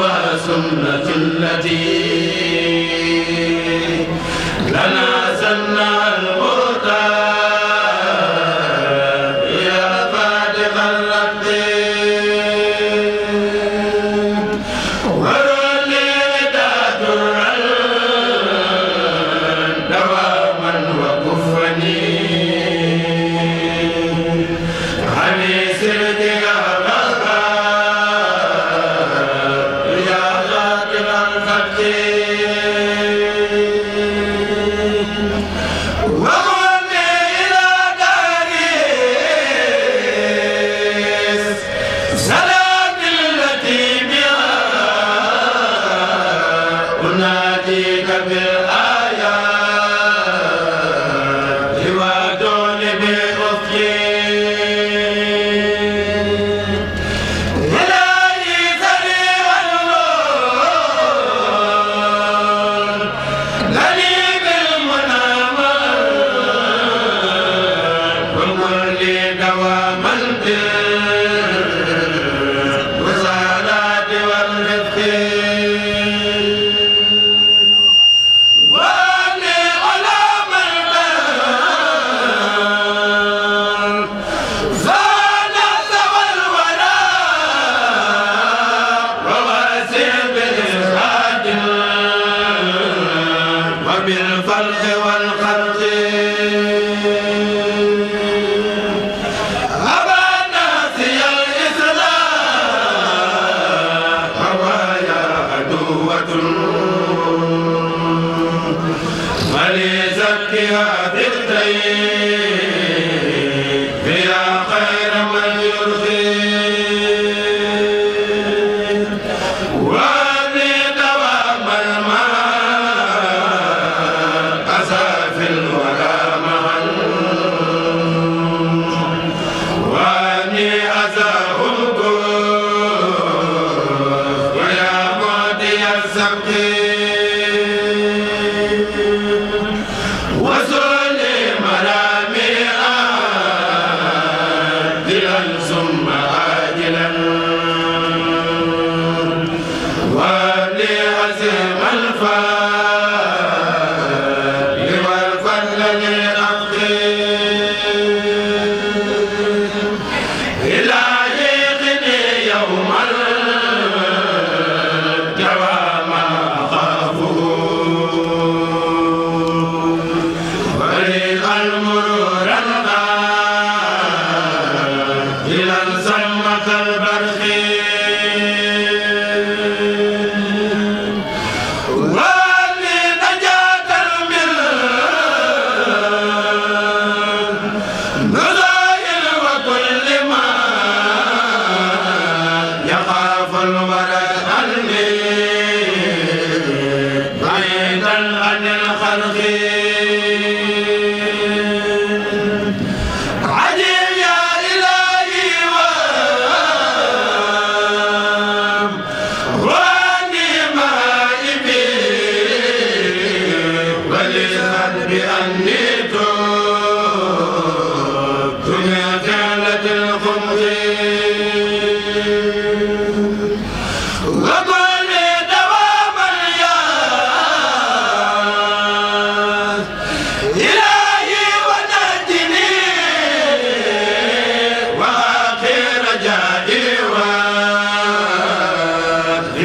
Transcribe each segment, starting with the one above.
وسنة التي لنا wa anu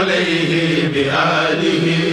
عليه بآله